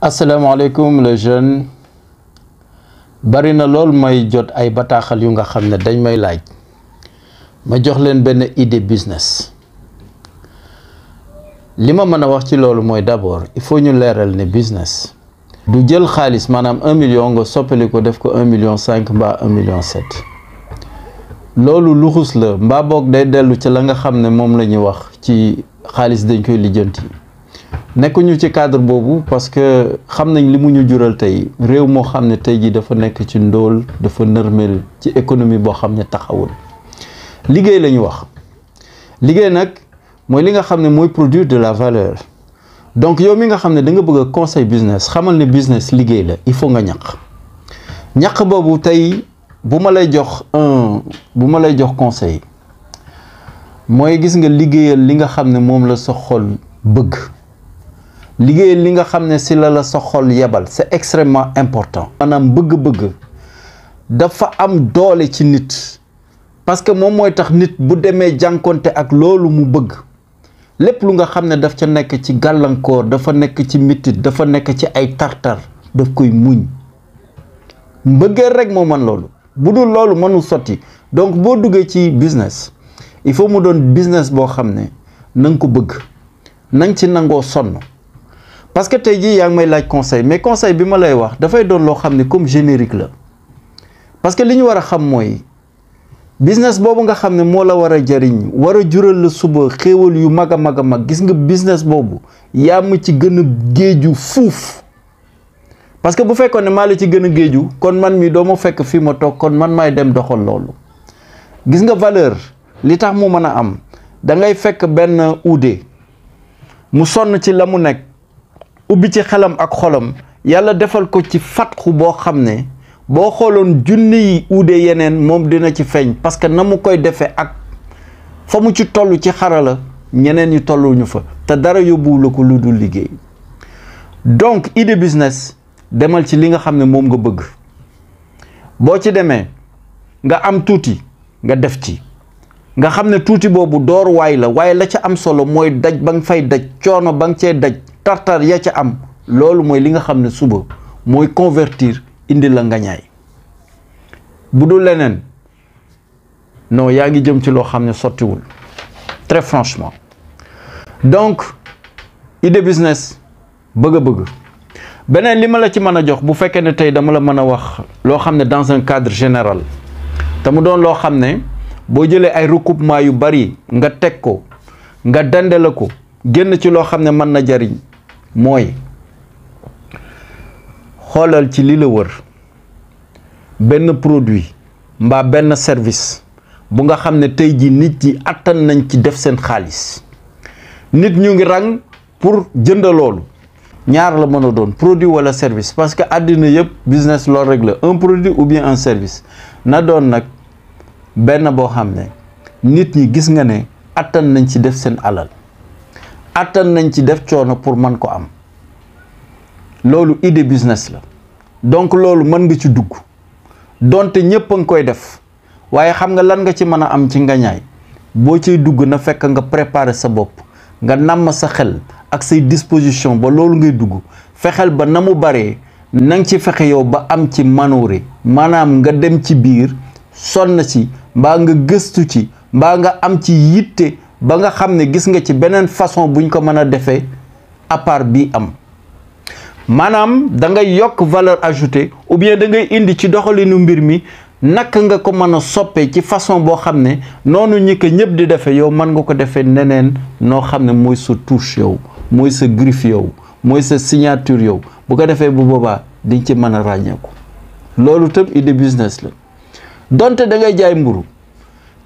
asalaamaaleykum les jeunes bari na lool may jot ay bataaxal yu nga xam ne dañ may laaj ma jox leen benn idée business li ma mën a wax ci loolu mooy d'abord il faut ñu leeral ne business du jël xaalis maanaam un million nga soppaliku def ko un million cinq mbaa un million sept loolu luxus la mbaa boog day dellu ci la nga xam ne moom la ñuy wax ci xaalis dañ koy lijjanti. nekkuñu ci cadre boobu parce que xam nañ li mu ñu jural tey réew moo xam ne tey jii dafa nekk ci ndóol dafa nërmel ci économie boo xam ne taxawul liggéey la wax liggéey nag mooy li nga xam ne mooy produire de la valeur donc yow mi nga xam ne da bëgg a conseil business xamal ne business liggéey la nga ñaq ñaq boobu tey bu ma lay jox bu ma lay jox conseil mooy gis nga liggéeyal li nga xam ne moom la sa xol bëgg liggéey li nga xam ne si la la sa xol yebal c'est extrêmement important maanaam bëgg-bëgg dafa am doole ci nit parce que moom mooy tax nit bu demee jànkonte ak loolu mu bëgg lépp lu nga xam ne daf ca nekk ci gàllankoor dafa nekk ci mitit dafa nekk ci ay tartar daf koy muñ mbëggeel rek moo mën loolu bu dul loolu mënul sotti donc boo duggee ci business il faut mu doon business boo xam ne nanga ko bëgg na ci nangoo sonn parce que tey jii yaa ngi may laaj conseil mais conseil bi ma lay wax dafay doon loo xam ne comme générique la parce que li ñu war a xam mooy business boobu nga xam ne moo la war a jariñ war a jural la suba xéewal yu mag a mag a mag gis nga business boobu yaa ma ci gën a géeju fuuf parce que bu fekkoon ne maa la ci gën a géeju kon man mii doo ma fekk fii ma toog kon man may dem doxal loolu gis nga valeur li tax mu mën a am da ngay fekk benn uude mu sonn ci la mu nekk ubbi ci xelam ak xolom yàlla defal ko ci fatxu boo xam ne boo xooloon junni yi uude yeneen moom dina ci feeñ parce que na mu koy defee ak fa mu ci toll ci xarala ñeneen yi tolluñu fa te dara yóbbuwu la ko lu dul liggéey donc idée business demal ci li nga xam ne moom nga bëgg boo ci demee nga am tuuti nga def ci nga xam ne tuuti boobu door waay la waaye la ca am solo mooy daj ba nga fay daj coono ba nga cee daj tartar ya ca am loolu mooy li nga xam ne suba mooy convertir indi la nga ñaay bu dul leneen non yaa ngi jëm ci loo xam ne sottiwul très franchement donc idée business bëgg-bëgg beneen li ma la ci mën a jox bu fekkee ne tey dama la mën a wax loo xam ne dans un cadre général te mu doon loo xam ne boo jëlee ay recoupement yu bari nga teg ko nga dandale ko génn ci loo xam ne mën na jariñ Moy, xolal ci li le wër ben produit mba ben service bu nga xam tay ji nit ci attan nañ ci def sen xaliss nit ñu ngi rang pour jënd ñaar la mëna doon produit wala service parce que adina yëpp business lo règle un produit ou bien un service na doon nak ben bo xam nit ñi gis nga ne nañ ci def sen alal attan nañ ci def coono pour mën ko am loolu idée business la donc loolu mën nga ci dugg donte ñëpp a nga koy def waaye xam nga lan nga ci mën a am ci ngañaay boo cee dugg na fekk nga préparer sa bopp nga namm sa xel ak say disposition ba loolu ngay dugg fexeel ba na mu baree na nga ci fexe yow ba am ci manoore maanaam nga dem ci biir sonn ci mbaa nga gëstu ci mbaa nga am ci yitte ba nga xam ne gis nga ci beneen façon buñ ko mën a defee à part bii am maanaam da ngay yokk valeur ajouté ou bien da ngay indi ci doxalinu mbir mi naka nga ko mën a soppee ci façon boo xam ne noonu ñi ko ñëpp di defee yow man nga ko defee neneen noo xam ne mooy sa touche yow mooy sa griffe yow mooy sa signature yow bu ko defee bu boobaa diñ ci mën a ràññeeku loolu tam idée business la donte da ngay jaay mburu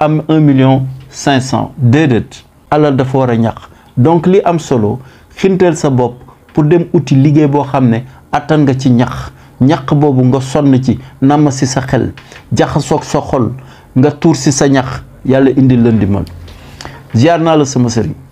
am un million cinq cent déedéet alal dafa war a ñax donc li am solo xinteel sa bopp pour dem uti liggéey boo xam ne attan nga ci ñax ñax boobu nga sonn ci namm si sa xel jaxasoog sa xol nga tuur si sa ñax yàlla indi leen di man naa la sama sëriñ